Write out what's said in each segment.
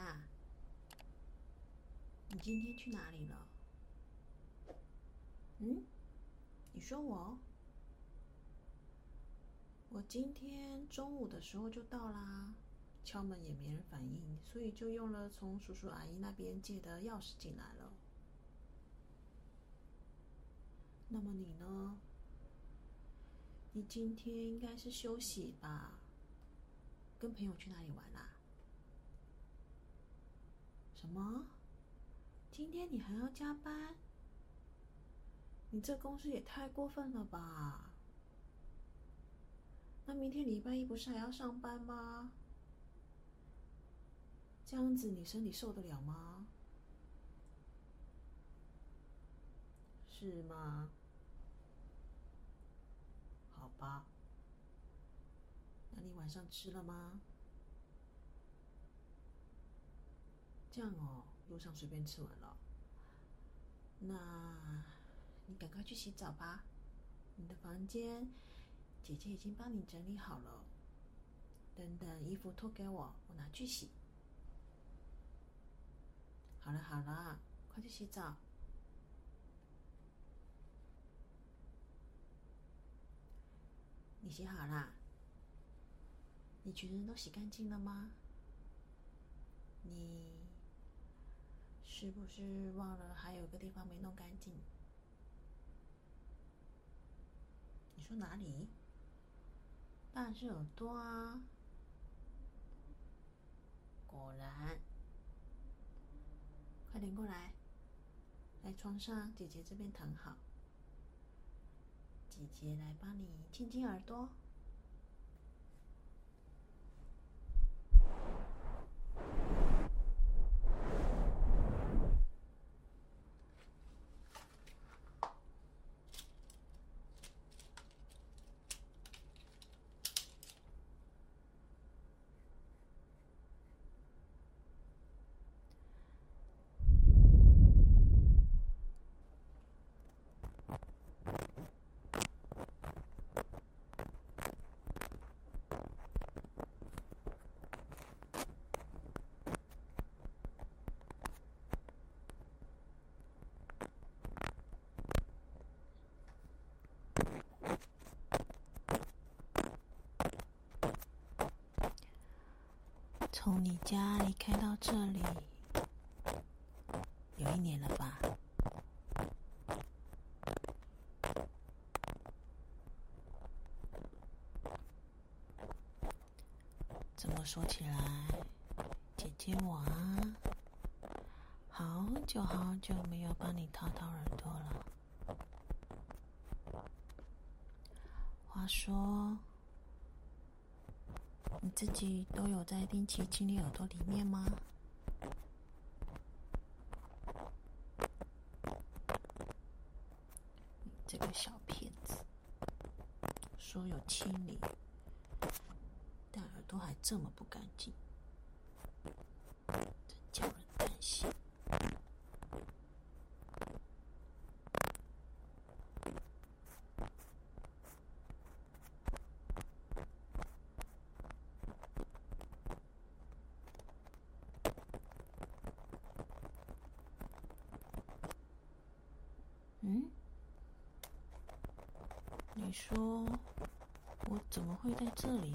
啊！你今天去哪裡了？嗯？你說我？我今天中午的時候就到啦，敲門也沒人反應，所以就用了從叔叔阿姨那邊借的鑰匙進來了。那麼你呢？你今天應該是休息吧？跟朋友去哪裡玩啦、啊？什麼？今天你還要加班？你這公司也太過分了吧！那明天禮拜一不是還要上班嗎？這樣子你身體受得了嗎？是嗎？好吧。那你晚上吃了嗎？.這樣哦，路上隨便吃完了。那你趕快去洗澡吧，你的房間姐姐已經幫你整理好了。等等，衣服脫給我，我拿去洗。好了好了，快去洗澡。你洗好了？你全身都洗乾淨了嗎？你？是不是忘了還有個地方沒弄乾淨？你說哪裡？當然是耳朵啊！果然，嗯、快點過來，在床上，姐姐這邊躺好，姐姐來幫你親親耳朵。從你家離開到這裡，有一年了吧？這麼說起來，姐姐我啊，好久好久沒有幫你掏掏耳朵了。話說。你自己都有在定期清理耳朵裡面嗎？你這個小騙子，說有清理，但耳朵還這麼不乾淨，真叫人擔心。你說我怎麼會在這裡？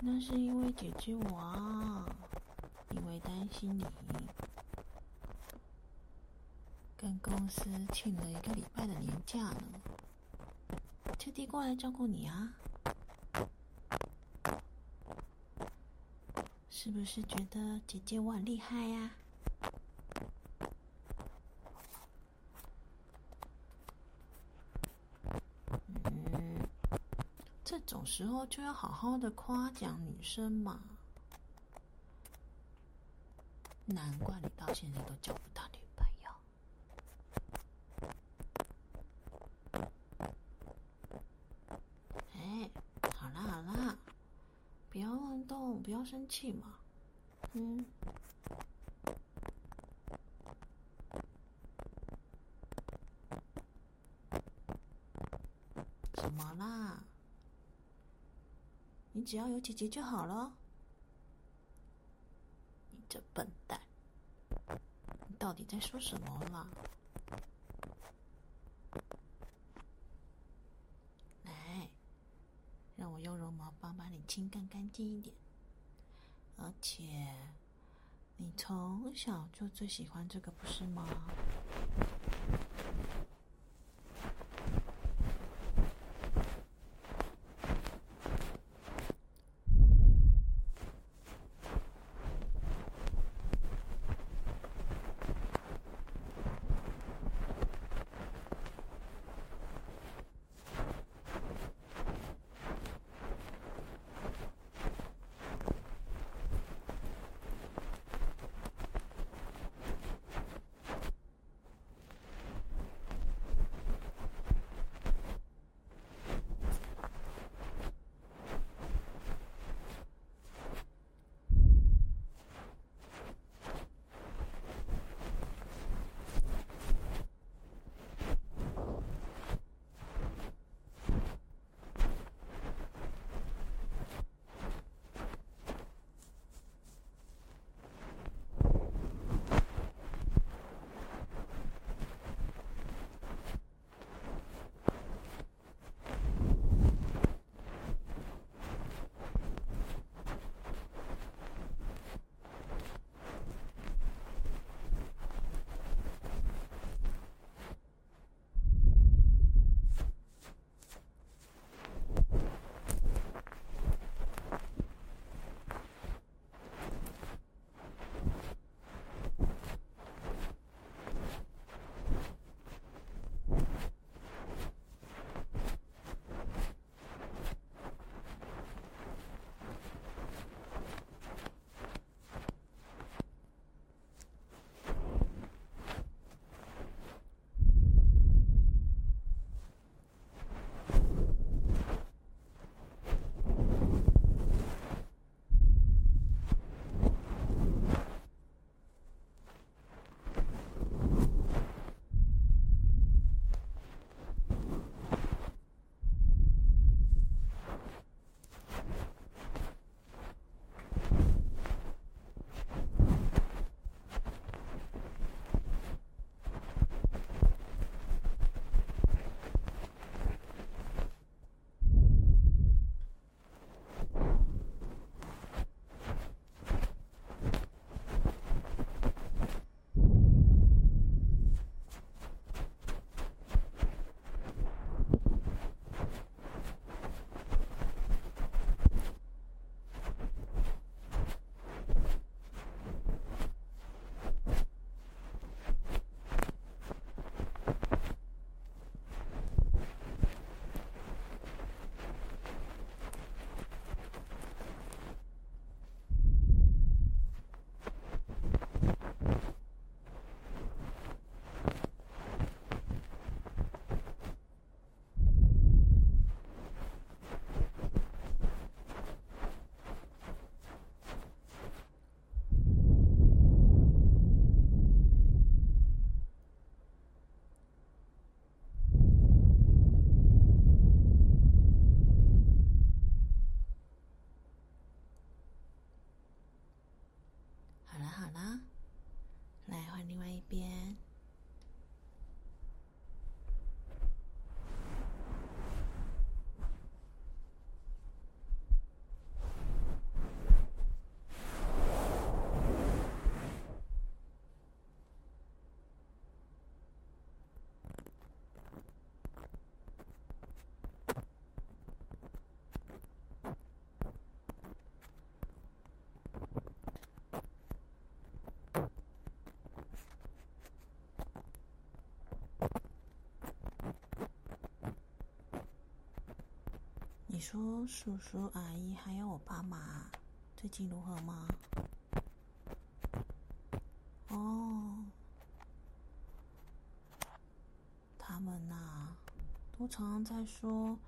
那是因為姐姐我，啊，因為擔心你，跟公司請了一個禮拜的年假呢，特地過來照顧你啊！是不是覺得姐姐我很厲害呀，啊？時候就要好好的誇獎女生嘛，難怪你到現在都找不到女朋友。哎、欸，好啦好啦，不要亂動，不要生氣嘛，嗯。你只要有姐姐就好了。你這笨蛋，你到底在說什麼嘛？來，讓我用絨毛棒幫你清乾乾淨一點。而且，你從小就最喜歡這個，不是嗎？你說叔叔阿姨還有我爸媽，最近如何嗎？哦，他們吶、啊，都常常在說，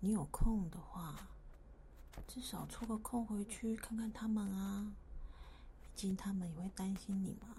你有空的話，至少抽個空回去看看他們啊，畢竟他們也會擔心你嘛。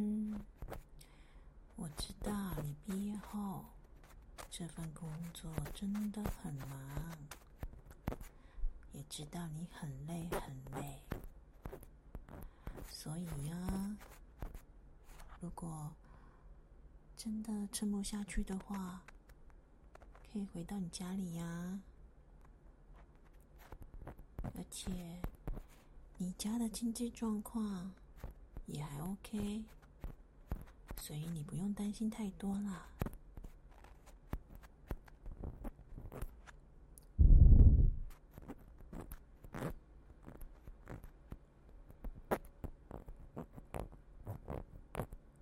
嗯，我知道你畢業後這份工作真的很忙，也知道你很累很累，所以呀，如果真的撐不下去的話，可以回到你家裡呀。而且你家的經濟狀況也還 OK。所以你不用擔心太多了。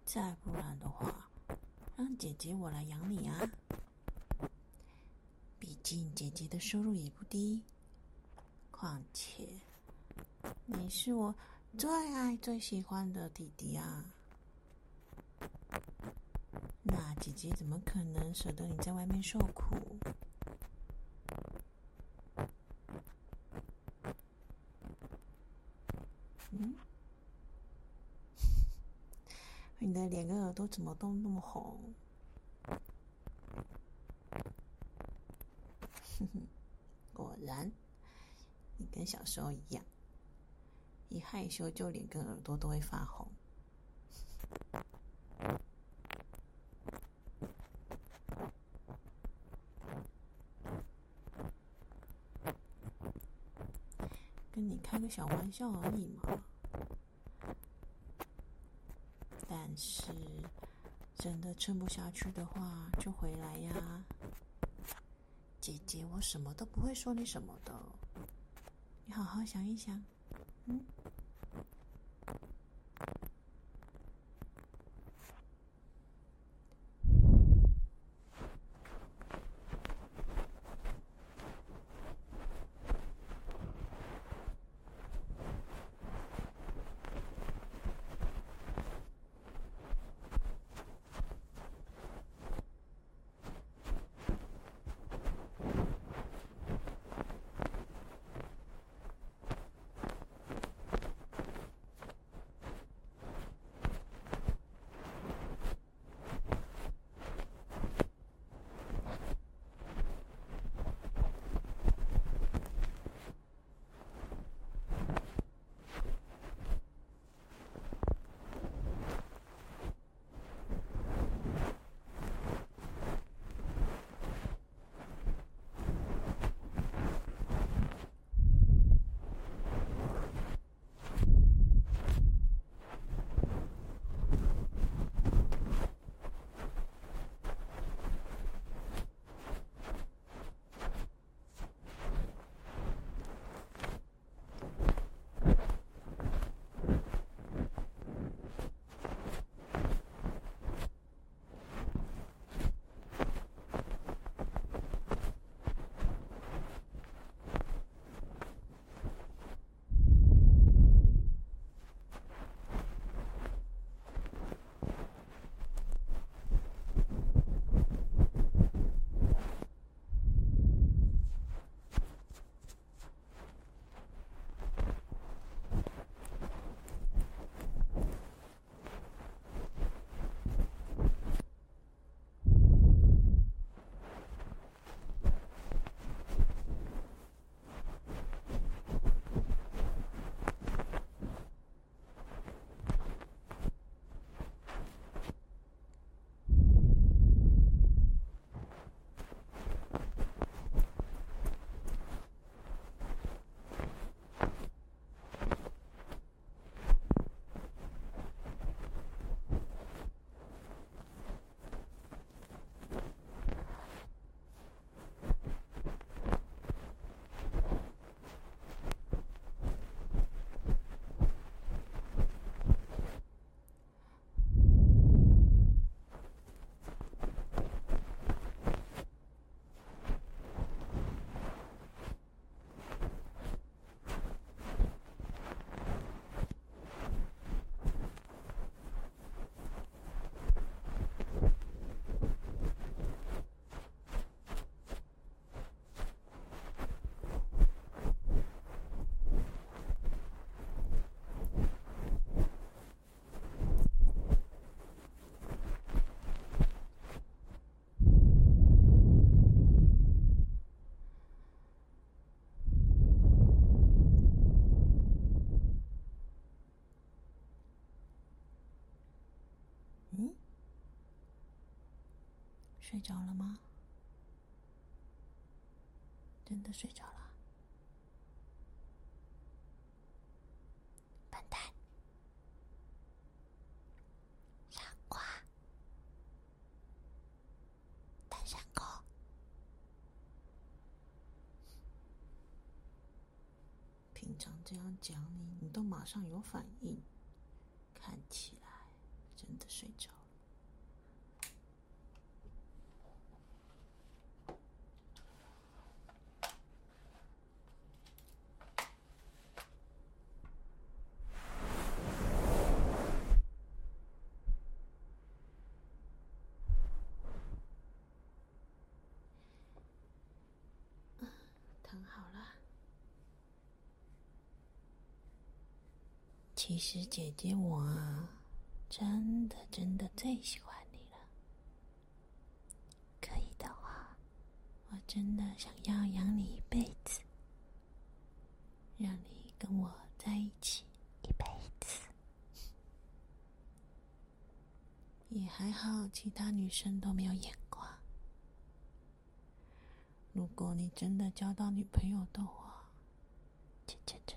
再不然的話，讓姐姐我來養你啊！畢竟姐姐的收入也不低，況且你是我最愛最喜歡的弟弟啊！姐姐怎麼可能捨得你在外面受苦？嗯，你的臉跟耳朵怎麼都那麼紅？哼哼，果然，你跟小時候一樣，一害羞就臉跟耳朵都會發紅。跟你開個小玩笑而已嘛，但是真的撐不下去的話就回來呀，姐姐，我什麼都不會說你什麼的，你好好想一想。嗯。睡着了嗎？真的睡着了，笨蛋，傻瓜，大傻瓜，平常這樣講你，你都馬上有反應，看起來真的睡着好了，其實姐姐我真的真的最喜歡你了。可以的話，我真的想要養你一輩子，讓你跟我在一起一輩子。也還好，其他女生都沒有養。如果你真的交到女朋友的話，姐姐真